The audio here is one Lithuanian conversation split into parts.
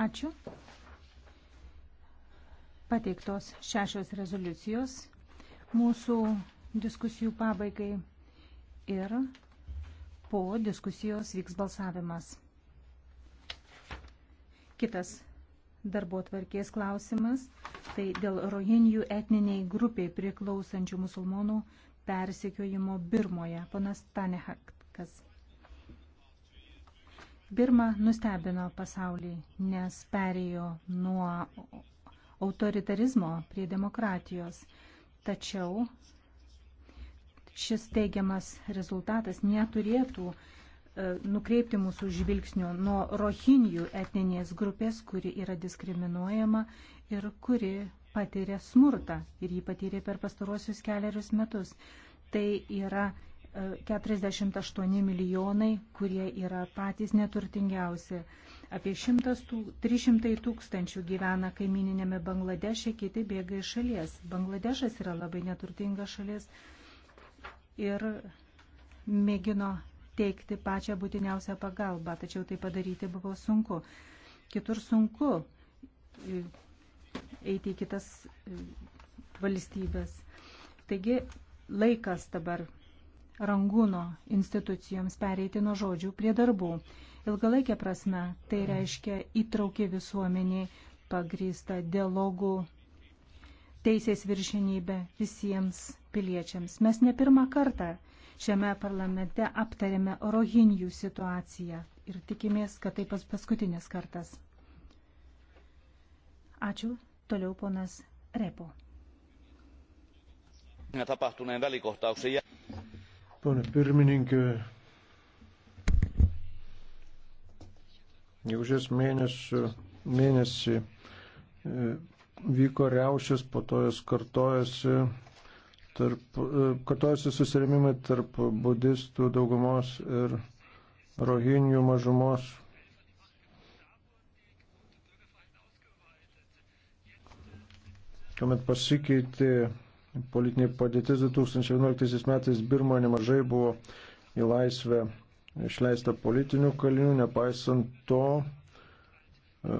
Ačiū. Pateiktos šešios rezoliucijos mūsų diskusijų pabaigai ir po diskusijos vyks balsavimas. Kitas darbo tvarkės klausimas - tai dėl rohinijų etniniai grupiai priklausančių musulmonų persekiojimo Birmoje. Panas Tanehakas. Birma nustebino pasaulį, nes perėjo nuo autoritarizmo prie demokratijos. Tačiau šis teigiamas rezultatas neturėtų e, nukreipti mūsų žvilgsnių nuo rohinijų etninės grupės, kuri yra diskriminuojama ir kuri patiria smurtą ir jį patyrė per pastaruosius keliarius metus. Tai yra 48 milijonai, kurie yra patys neturtingiausi. Apie 100 tūk, 300 tūkstančių gyvena kaimininėme Bangladeše, kiti bėga iš šalies. Bangladešas yra labai neturtinga šalis ir mėgino teikti pačią būtiniausią pagalbą, tačiau tai padaryti buvo sunku. Kitur sunku eiti į kitas valstybės. Taigi laikas dabar Rangūno institucijoms pereiti nuo žodžių prie darbų. Ilgalaikė prasme tai reiškia įtraukė visuomenį pagrįstą dialogų teisės viršinybę visiems piliečiams. Mes ne pirmą kartą šiame parlamente aptarėme rohinijų situaciją ir tikimės, kad tai pas paskutinis kartas. Ačiū. Toliau ponas Repo. tapahtuneen välikohtauksen Pane pirmininkė, gegužės mėnesį, mėnesį vyko reušės, po to jas kartojasi, tarp, e, kartojasi susirimimai tarp budistų daugumos ir rohinių mažumos. Tuomet pasikeitė politinė padėtis 2011 metais Birmo nemažai buvo į laisvę išleista politinių kalinių, nepaisant to e,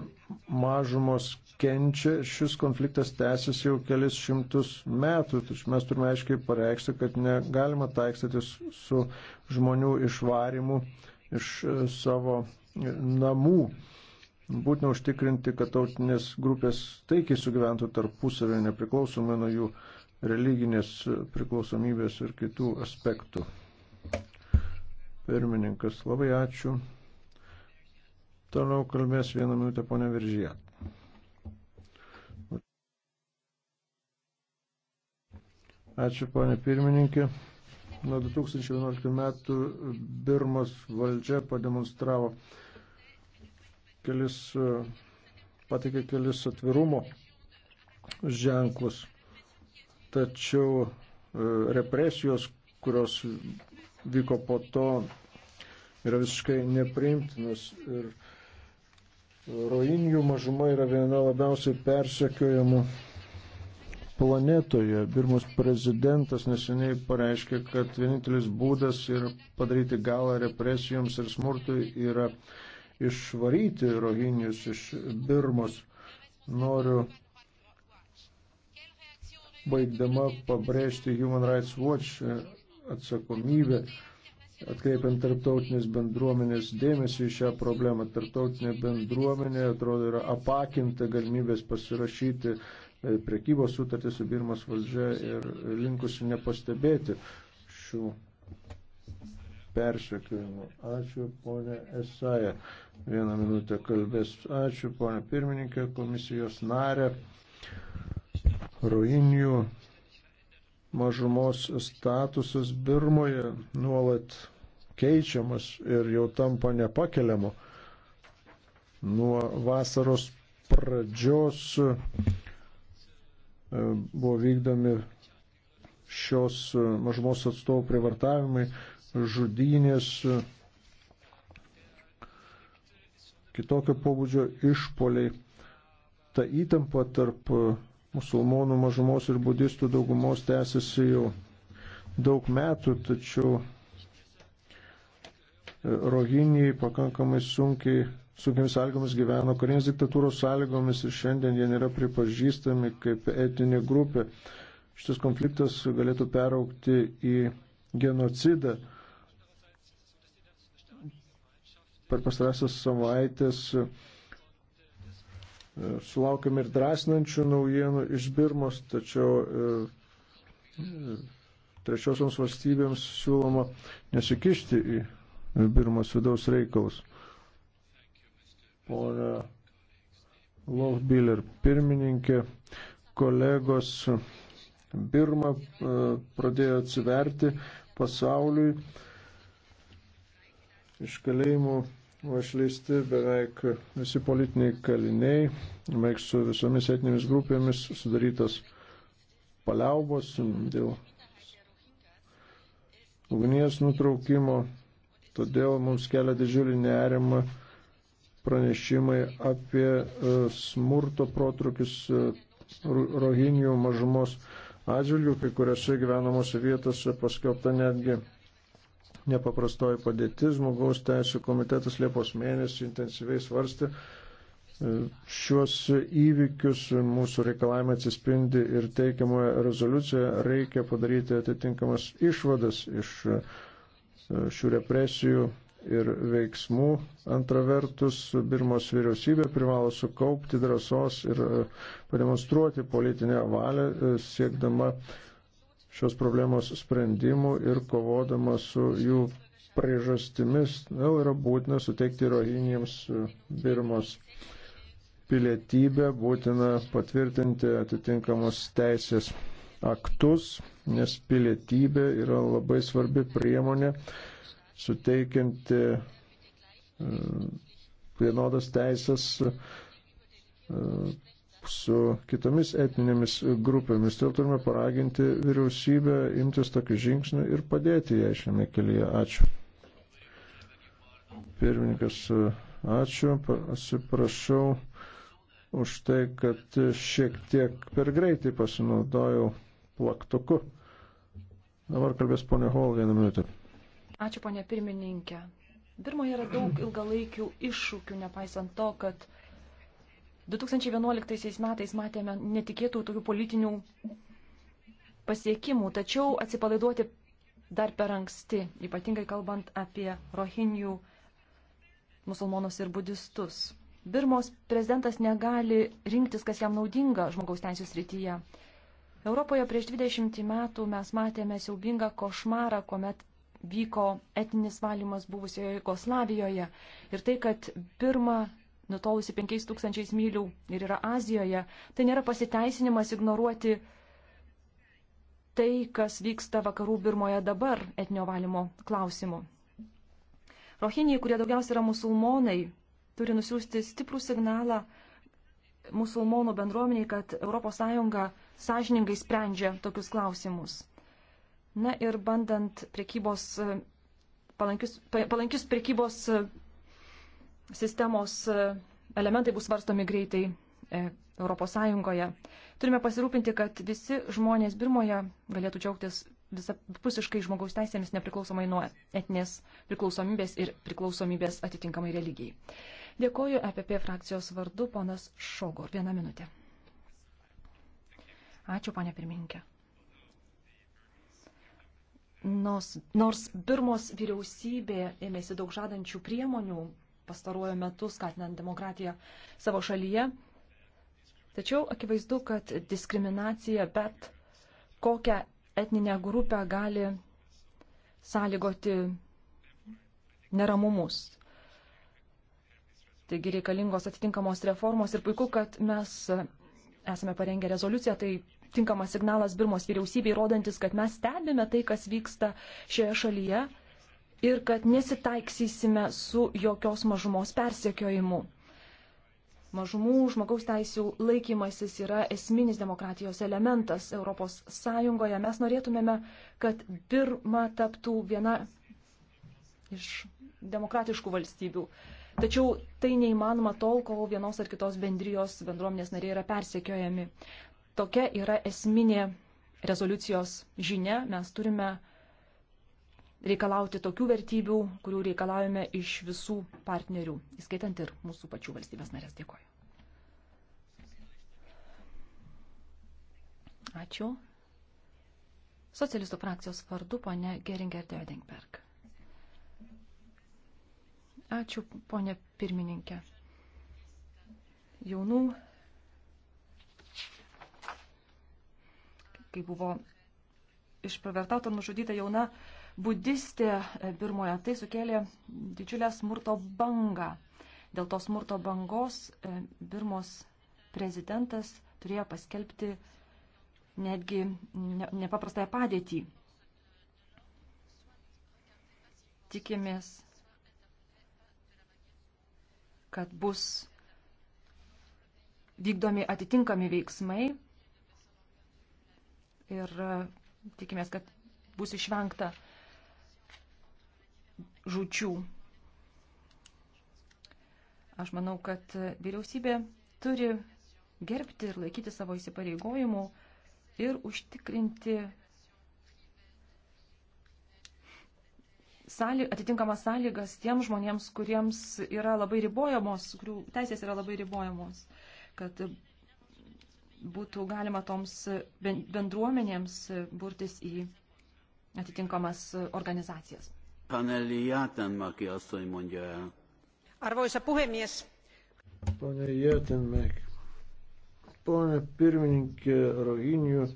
mažumos kenčia, šis konfliktas tęsiasi jau kelis šimtus metų. Tačiau mes turime aiškiai pareikšti, kad negalima taikstytis su žmonių išvarimu iš e, savo namų. Būtina užtikrinti, kad tautinės grupės taikiai sugyventų tarpusavį, nepriklausomai nuo jų religinės priklausomybės ir kitų aspektų. Pirmininkas, labai ačiū. Toliau kalbės vieną minutę ponia Viržyje. Ačiū ponia pirmininkė. Nuo 2011 metų Birmos valdžia pademonstravo kelis, patikė kelis atvirumo ženklus tačiau e, represijos, kurios vyko po to, yra visiškai nepriimtinas. Ir rohinijų mažuma yra viena labiausiai persekiojamų planetoje. Birmos prezidentas neseniai pareiškė, kad vienintelis būdas ir padaryti galą represijoms ir smurtui yra išvaryti rohinius iš Birmos. Noriu baigdama pabrėžti Human Rights Watch e, atsakomybę, atkreipiant tarptautinės bendruomenės dėmesį į šią problemą. Tarptautinė bendruomenė atrodo yra apakinta galimybės pasirašyti e, prekybos sutartį su Birmos valdžia ir linkusi nepastebėti šių persekiojimų. Ačiū, ponė Esaja. Vieną minutę kalbės. Ačiū, ponė pirmininkė, komisijos narė. Rohinjų mažumos statusas Birmoje nuolat keičiamas ir jau tampa nepakeliamu. Nuo vasaros pradžios e, buvo vykdomi šios mažumos atstovų privartavimai, žudynės, kitokio pobūdžio išpoliai. Ta įtampa tarp musulmonų mažumos ir budistų daugumos tęsiasi jau daug metų, tačiau e, rohiniai pakankamai sunkiai, sunkiamis sąlygomis gyveno karinės diktatūros sąlygomis ir šiandien jie nėra pripažįstami kaip etinė grupė. Šitas konfliktas galėtų peraukti į genocidą. Per pastarąsias savaitės E, Sulaukime ir drąsinančių naujienų iš Birmos, tačiau e, e, trečiosioms valstybėms siūloma nesikišti į Birmos vidaus reikalus. Pone Lochbiller pirmininkė, kolegos Birma pradėjo atsiverti pasauliui iš kalėjimų išleisti beveik visi politiniai kaliniai, beveik su visomis etinėmis grupėmis sudarytas paliaubos dėl ugnies nutraukimo. Todėl mums kelia didžiulį nerimą pranešimai apie e, smurto protrukius e, rohinių mažumos atžvilgių, kai kuriuose gyvenamose vietose paskelbta netgi nepaprastoji padėtis. Žmogaus teisų komitetas Liepos mėnesį intensyviai svarstė e, šiuos įvykius. Mūsų reikalavimai atsispindi ir teikiamoje rezoliucijoje. Reikia padaryti atitinkamas išvadas iš e, šių represijų ir veiksmų. Antra vertus, Birmos vyriausybė privalo sukaupti drąsos ir e, pademonstruoti politinę valią siekdama uh, šios problemos sprendimų ir kovodama su jų priežastimis, vėl yra būtina suteikti rohinijams e, Birmos pilietybę, būtina patvirtinti atitinkamus teisės aktus, nes pilietybė yra labai svarbi priemonė suteikianti e, vienodas teisės e, su kitomis etninėmis grupėmis. Todėl turime paraginti vyriausybę imtis tokių žingsnių ir padėti ją šiame kelyje. Ačiū. Pirmininkas, ačiū. Atsiprašau už tai, kad šiek tiek per greitai pasinaudojau plaktuku. Dabar kalbės ponė Hol vieną minutę. Ačiū ponė pirmininkė. Birmoje yra daug ilgalaikių iššūkių, nepaisant to, kad 2011 metais matėme netikėtų tokių politinių pasiekimų, tačiau atsipalaiduoti dar per anksti, ypatingai kalbant apie rohinių musulmonus ir budistus. Birmos prezidentas negali rinktis, kas jam naudinga žmogaus teisų srityje. Europoje prieš 20 metų mes matėme siaubingą košmarą, kuomet vyko etinis valymas buvusioje Jugoslavijoje. Ir tai, kad Birma nutolusi 5000 mylių ir yra Azijoje, tai nėra pasiteisinimas ignoruoti tai, kas vyksta vakarų Birmoje dabar etnio valymo klausimu. Rohiniai, kurie daugiausia yra musulmonai, turi nusiųsti stiprų signalą musulmonų bendruomeniai, kad ES sąžiningai sprendžia tokius klausimus. Na ir bandant prekybos, palankius, palankius prekybos sistemos e, elementai bus svarstomi greitai ES. Turime pasirūpinti, kad visi žmonės Birmoje galėtų džiaugtis visapusiškai žmogaus teisėmis nepriklausomai nuo etinės priklausomybės ir priklausomybės atitinkamai religijai. Dėkoju EPP frakcijos vardu, ponas Šogor. Vieną minutę. Ačiū, ponė pirmininkė. Nors, nors Birmos vyriausybė ėmėsi daug žadančių priemonių pastaruoju metu, skatinant demokratiją savo šalyje. Tačiau akivaizdu, kad diskriminacija bet kokią etninę grupę gali sąlygoti neramumus. Taigi reikalingos atitinkamos reformos ir puiku, kad mes esame parengę rezoliuciją, tai tinkamas signalas Birmos vyriausybei, rodantis, kad mes stebime tai, kas vyksta šioje šalyje ir kad nesitaiksysime su jokios mažumos persiekiojimu. Mažumų žmogaus teisų laikymasis yra esminis demokratijos elementas ES. Mes norėtumėme, kad Birma taptų viena iš demokratiškų valstybių. Tačiau tai neįmanoma tol, kol vienos ar kitos bendrijos bendruomenės nariai yra persekiojami. Tokia yra esminė rezoliucijos žinia. Mes turime uh, reikalauti tokių vertybių, kurių reikalaujame iš visų partnerių, įskaitant ir mūsų pačių valstybės narės. Dėkoju. Ačiū. Socialistų frakcijos vardu ponė Geringer Dödingberg. Ačiū, ponė pirmininkė. Jaunų, kai buvo iš pravertauto nužudyta jauna budistė e, Birmoje. Tai sukėlė didžiulę smurto bangą. Dėl to smurto bangos e, Birmos prezidentas turėjo paskelbti netgi nepaprastąją padėtį. Tikimės, kad bus vykdomi atitinkami veiksmai ir e, tikimės, kad bus išvengta žučių. Aš manau, kad vyriausybė turi gerbti ir laikyti savo įsipareigojimų ir užtikrinti sąly, atitinkamas sąlygas tiem žmonėms, kuriems yra labai ribojamos, kurių teisės yra labai ribojamos, kad būtų galima toms bendruomenėms burtis į atitinkamas organizacijas. Arvoisa puhemies. Pone Jätenmäki. Pone pirmininkė Rohinių,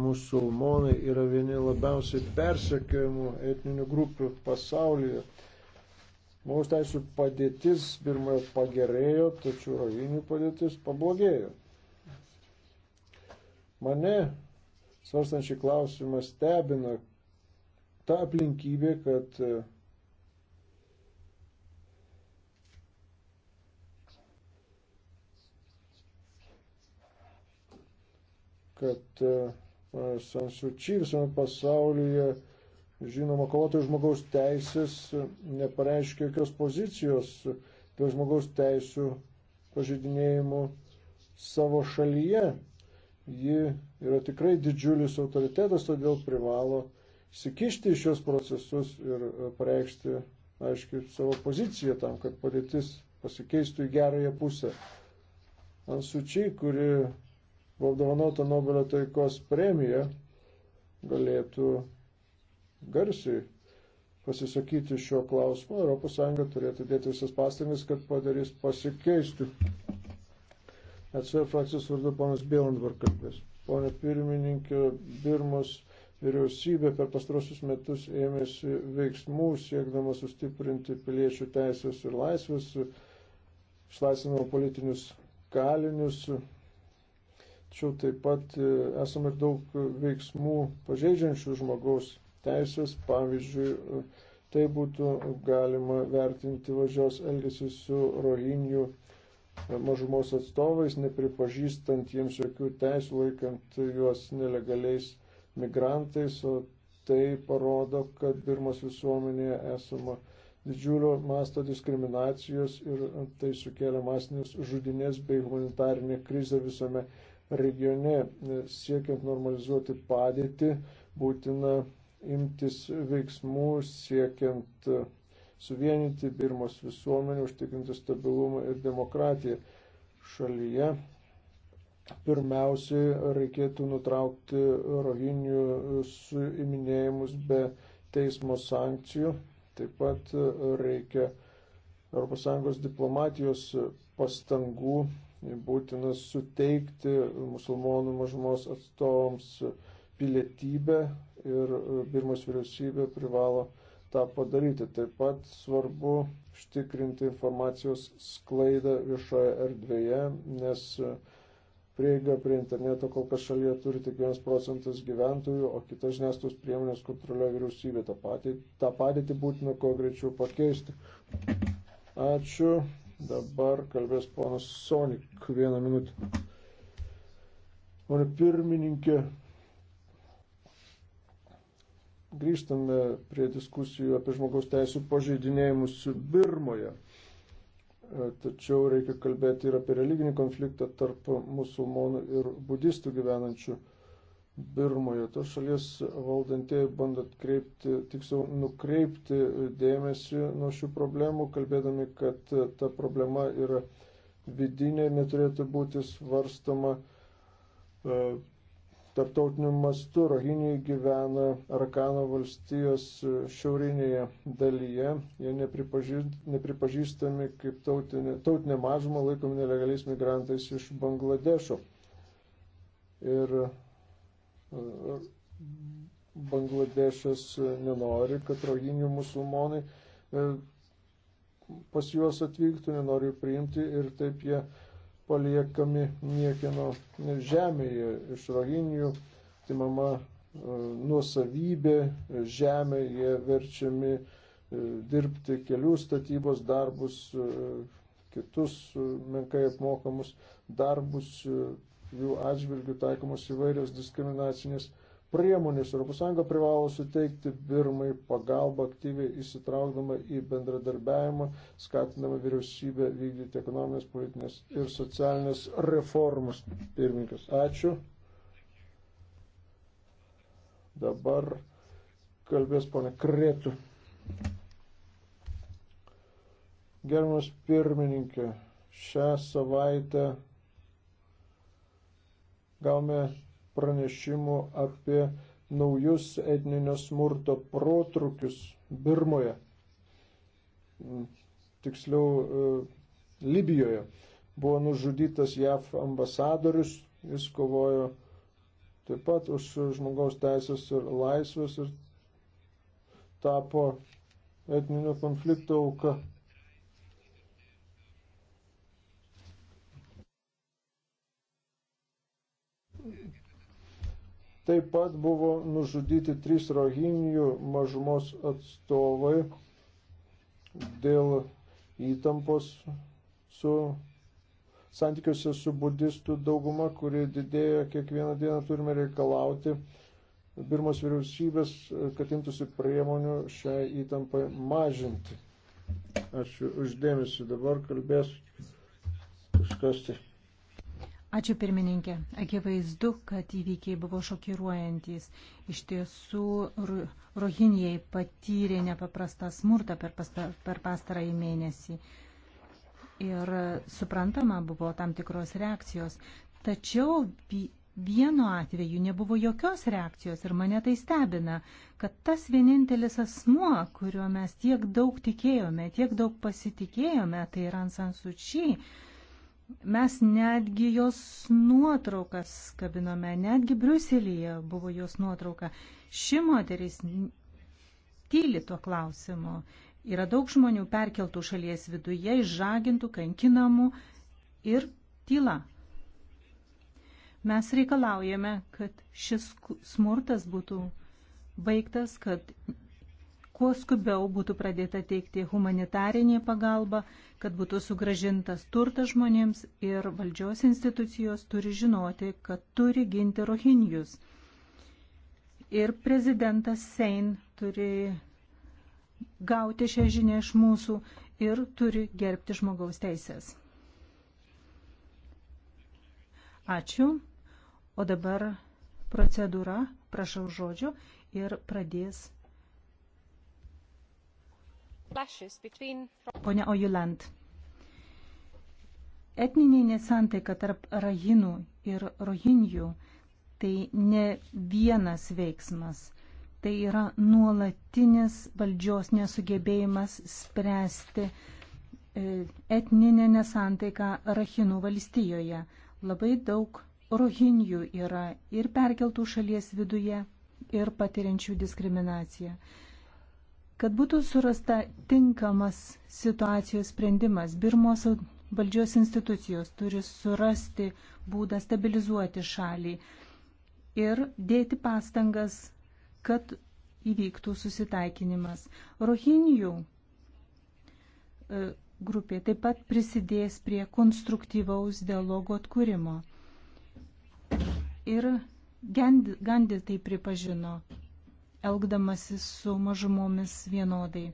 musulmonai yra vieni labiausiai persekiojimų etninių grupių pasaulyje. Mums teisų padėtis Birmoje pagerėjo, tačiau Rohinių padėtis pablogėjo. Mane, svarstant šį klausimą, stebina, ta aplinkybė, kad e, kad e, e, Sansuči visame pasaulyje žinoma kovotojų žmogaus teisės nepareiškia jokios pozicijos dėl žmogaus teisų pažeidinėjimų savo šalyje. Ji yra tikrai didžiulis autoritetas, todėl privalo sikišti į šios procesus ir e, pareikšti, aiškiai, savo poziciją tam, kad padėtis pasikeistų į gerąją pusę. Ansučiai, kuri buvo apdovanota Nobelio taikos premija, galėtų garsiai pasisakyti šio klausimo. ES turėtų dėti visas pastangas, kad padarys pasikeistų. Atsvei frakcijos vardu ponas Bielandvar kalbės. Pone pirmininkė, Birmos Vyriausybė per pastarosius metus ėmėsi veiksmų siekdama sustiprinti piliečių teisės ir laisvės, išlaisvinama politinius kalinius, tačiau taip pat e, esame ir daug veiksmų pažeidžiančių žmogaus teisės, pavyzdžiui, e, tai būtų galima vertinti važios elgesį su rohinių e, mažumos atstovais, nepripažįstant jiems jokių teisų, laikant juos nelegaliais migrantais, o tai parodo, kad Birmos visuomenėje esama didžiulio masto diskriminacijos ir tai sukelia masinės žudinės bei humanitarinė krizė visame regione. Siekiant normalizuoti padėtį, būtina imtis veiksmų, siekiant suvienyti Birmos visuomenę, užtikrinti stabilumą ir demokratiją šalyje pirmiausiai reikėtų nutraukti rohinių suiminėjimus be teismo sankcijų. Taip pat reikia ES diplomatijos pastangų būtina suteikti musulmonų mažumos atstovams pilietybę ir Birmos vyriausybė privalo tą padaryti. Taip pat svarbu užtikrinti informacijos sklaidą viešoje erdvėje, nes Prieiga prie interneto kol kas šalyje turi tik 1 procentas gyventojų, o kitas žiniasklaidos priemonės kontroliuoja vyriausybė. Ta patį, tą padėtį būtina kuo greičiau pakeisti. Ačiū. Dabar kalbės ponas Sonik vieną minutę. Pone pirmininkė, grįžtame prie diskusijų apie žmogaus teisų pažeidinėjimus Birmoje. E, tačiau reikia kalbėti ir apie religinį konfliktą tarp musulmonų ir budistų gyvenančių Birmoje. Tos šalies valdantieji bando atkreipti, tiksliau nukreipti dėmesį nuo šių problemų, kalbėdami, kad ta problema yra vidinė ir neturėtų būti svarstama e, tarptautiniu mastu. Rohiniai gyvena Arakano valstijos šiaurinėje dalyje. Jie nepripažįstami kaip tautinė, tautinė mažuma, laikomi nelegaliais migrantais iš Bangladešo. Ir e, Bangladešas nenori, kad rohinių musulmonai e, pas juos atvyktų, nenori priimti ir taip jie paliekami niekieno žemėje iš roginijų, timama e, nuosavybė žemė, jie verčiami e, dirbti kelių statybos darbus, e, kitus menkai apmokamus darbus, jų atžvilgių taikomos įvairios diskriminacinės priemonės. ES privalo suteikti Birmai pagalbą aktyviai įsitraukdama į bendradarbiavimą, skatindama vyriausybę vykdyti ekonominės, politinės ir socialinės reformas. Pirmininkas, ačiū. Dabar kalbės ponė Kretų. Gerbiamas pirmininkė, šią savaitę gavome pranešimų apie naujus etninio smurto protrukius Birmoje, mm, tiksliau e, Libijoje. Buvo nužudytas JAF ambasadorius, jis kovojo taip pat už žmogaus teisės ir laisvės ir tapo etninio konflikto auka. Taip pat buvo nužudyti trys rohinių mažumos atstovai dėl įtampos su santykiuose su budistų dauguma, kuri didėja kiekvieną dieną turime reikalauti Birmos vyriausybės, kad imtųsi priemonių šią įtampą mažinti. Ačiū uždėmesi, dabar kalbės kažkas tai. Ačiū pirmininkė. Akivaizdu, kad įvykiai buvo šokiruojantis. Iš tiesų, rohinijai patyrė nepaprastą smurtą per, pasta, per pastarąjį mėnesį. Ir suprantama buvo tam tikros reakcijos. Tačiau vienu atveju nebuvo jokios reakcijos ir mane tai stebina, kad tas vienintelis asmuo, kuriuo mes tiek daug tikėjome, tiek daug pasitikėjome, tai yra Ansansučiai. An Mes netgi jos nuotraukas kabinome, netgi Briuselyje buvo jos nuotrauka. Ši moteris tyli tuo klausimu. Yra daug žmonių perkeltų šalies viduje, išžagintų, kankinamų ir tyla. Mes reikalaujame, kad šis smurtas būtų baigtas, kad kuo skubiau būtų pradėta teikti humanitarinė pagalba, kad būtų sugražintas turtas žmonėms ir valdžios institucijos turi žinoti, kad turi ginti rohinijus. Ir prezidentas Sein turi gauti šią žinią iš mūsų ir turi gerbti žmogaus teisės. Ačiū. O dabar procedūra, prašau žodžio, ir pradės Pone Ojuland, etniniai nesantaika tarp rajinų ir rojinių tai ne vienas veiksmas tai yra nuolatinis valdžios nesugebėjimas spręsti e, etninę nesantaiką Rahinų valstijoje. Labai daug rohinijų yra ir perkeltų šalies viduje, ir patiriančių diskriminaciją. Kad būtų surasta tinkamas situacijos sprendimas, Birmos valdžios institucijos turi surasti būdą stabilizuoti šalį ir dėti pastangas, kad įvyktų susitaikinimas. Rohinijų e, grupė taip pat prisidės prie konstruktyvaus dialogo atkūrimo. Ir Gandhi tai pripažino elgdamasi su mažumomis vienodai.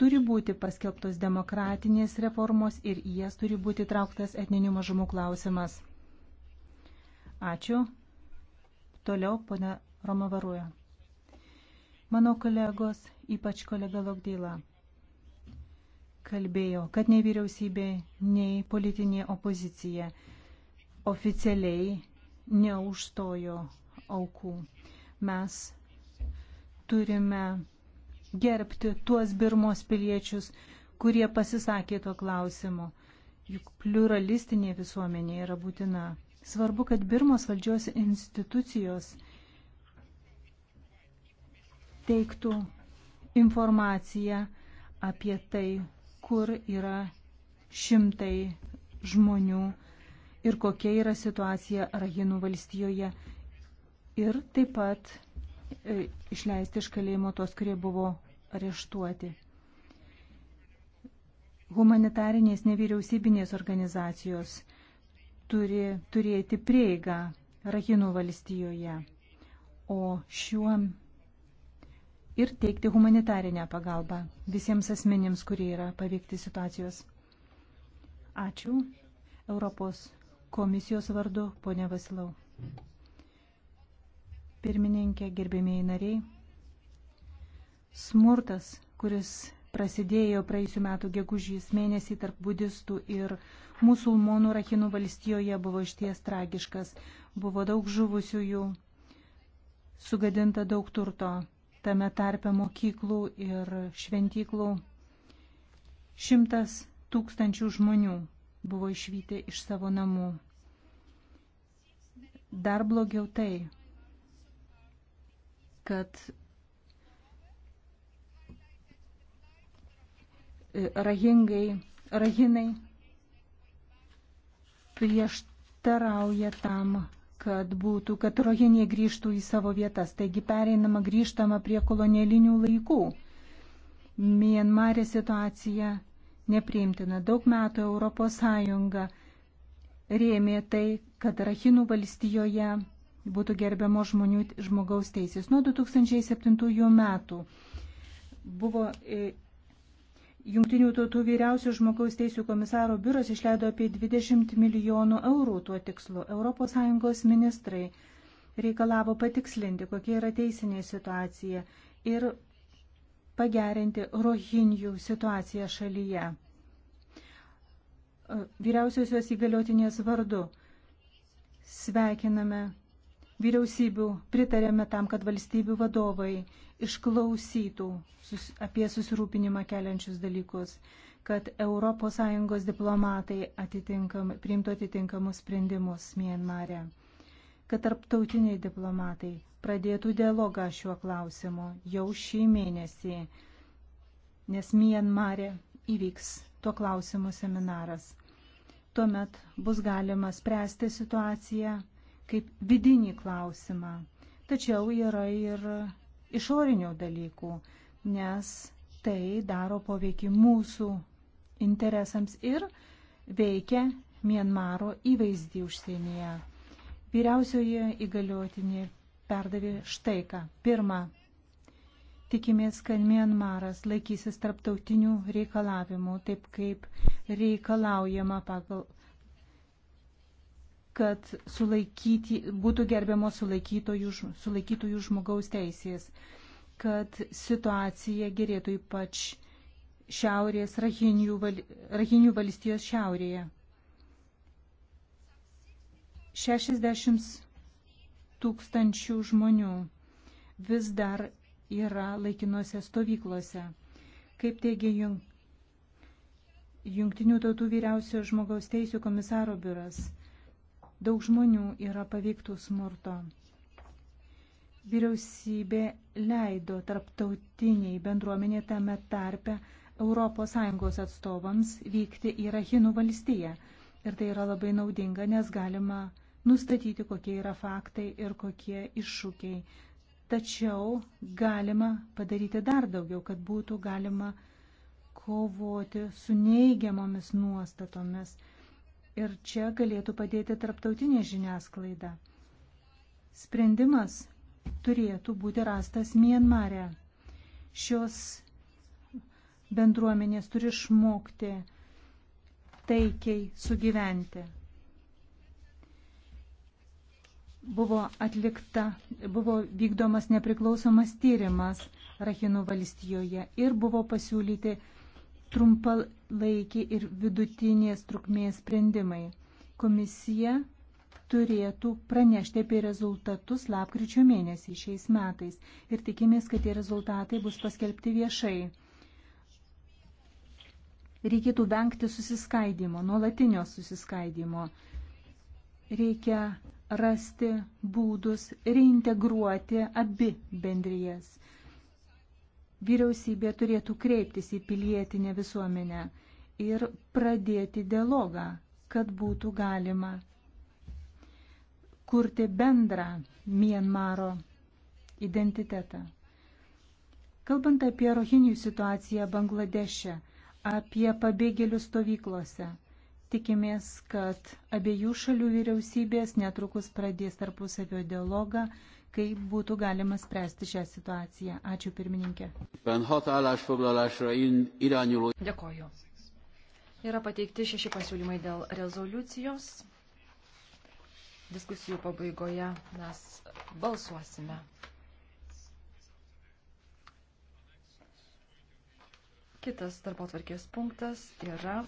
Turi būti paskelbtos demokratinės reformos ir į jas turi būti trauktas etninių mažumų klausimas. Ačiū. Toliau, pana Roma Varuoja. Mano kolegos, ypač kolega Logdyla, kalbėjo, kad nei vyriausybė, nei politinė opozicija oficialiai neužstojo aukų. Mes turime gerbti tuos Birmos piliečius, kurie pasisakė to klausimu. Juk pluralistinė visuomenė yra būtina. Svarbu, kad Birmos valdžios institucijos teiktų informaciją apie tai, kur yra šimtai žmonių ir kokia yra situacija Rahinų valstijoje ir taip pat e, išleisti iš kalėjimo tos, kurie buvo areštuoti. Humanitarinės nevyriausybinės organizacijos turi turėti prieigą Rahinų valstijoje, o šiuo ir teikti humanitarinę pagalbą visiems asmenims, kurie yra paveikti situacijos. Ačiū Europos komisijos vardu, ponė Vasilau pirmininkė, gerbėmiai nariai. Smurtas, kuris prasidėjo praėjusiu metu gegužys mėnesį tarp budistų ir musulmonų Rahinų valstijoje buvo išties tragiškas. Buvo daug žuvusiųjų, sugadinta daug turto, tame tarpe mokyklų ir šventyklų. Šimtas tūkstančių žmonių buvo išvykti iš savo namų. Dar blogiau tai, kad rahingai, rahinai prieštarauja tam, kad būtų, kad rohinė grįžtų į savo vietas. Taigi pereinama grįžtama prie kolonialinių laikų. Mienmarė situacija nepriimtina. Daug metų ES rėmė tai, kad Rahinų valstijoje būtų gerbiamo žmonių, žmogaus teisės. Nuo 2007 metų buvo e, Jungtinių tautų vyriausio žmogaus teisų komisaro biuras išleido apie 20 milijonų eurų tuo tikslu. ES ministrai reikalavo patikslinti, kokia yra teisinė situacija ir pagerinti rohinjų situaciją šalyje. E, vyriausiosios įgaliotinės vardu sveikiname vyriausybių pritarėme tam, kad valstybių vadovai išklausytų sus, apie susirūpinimą keliančius dalykus, kad ES diplomatai atitinkam, priimtų atitinkamus sprendimus Mienmare, kad tarptautiniai diplomatai pradėtų dialogą šiuo klausimu jau šį mėnesį, nes Mienmare įvyks tuo klausimu seminaras. Tuomet bus galima spręsti situaciją kaip vidinį klausimą. Tačiau yra ir išorinių dalykų, nes tai daro poveikį mūsų interesams ir veikia Mienmaro įvaizdį užsienyje. Vyriausioje įgaliotinė perdavė štai ką. Pirma, tikimės, kad Mienmaras laikysis tarptautinių reikalavimų, taip kaip reikalaujama pagal kad sulaikyti, būtų gerbiamos sulaikytojų, sulaikytojų žmogaus teisės, kad situacija gerėtų ypač šiaurės Rahinių, val, Rahinių valstijos šiaurėje. 60 tūkstančių žmonių vis dar yra laikinuose stovyklose. Kaip teigia Jungtinių tautų vyriausiojo žmogaus teisų komisaro biuras, Daug žmonių yra paveiktų smurto. Vyriausybė leido tarptautiniai bendruomenė tame tarpe ES atstovams vykti į Rahinų valstiją. Ir tai yra labai naudinga, nes galima nustatyti, kokie yra faktai ir kokie iššūkiai. Tačiau galima padaryti dar daugiau, kad būtų galima kovoti su neigiamomis nuostatomis Ir čia galėtų padėti tarptautinė žiniasklaida. Sprendimas turėtų būti rastas Mienmare. Šios bendruomenės turi išmokti taikiai sugyventi. Buvo atlikta, buvo vykdomas nepriklausomas tyrimas Rahinų valstijoje ir buvo pasiūlyti trumpal ilgalaikiai ir vidutinės trukmės sprendimai. Komisija turėtų pranešti apie rezultatus lapkričio mėnesį šiais metais ir tikimės, kad tie rezultatai bus paskelbti viešai. Reikėtų vengti susiskaidimo, nuolatinio susiskaidimo. Reikia rasti būdus reintegruoti abi bendrijas. Vyriausybė turėtų kreiptis į pilietinę visuomenę ir pradėti dialogą, kad būtų galima kurti bendrą Mienmaro identitetą. Kalbant apie rohinių situaciją Bangladeše, apie pabėgėlių stovyklose, tikimės, kad abiejų šalių vyriausybės netrukus pradės tarpusavio dialogą, kaip būtų galima spręsti šią situaciją. Ačiū pirmininkė. Dėkoju. Yra pateikti šeši pasiūlymai dėl rezoliucijos. Diskusijų pabaigoje mes balsuosime. Kitas darbo tvarkės punktas yra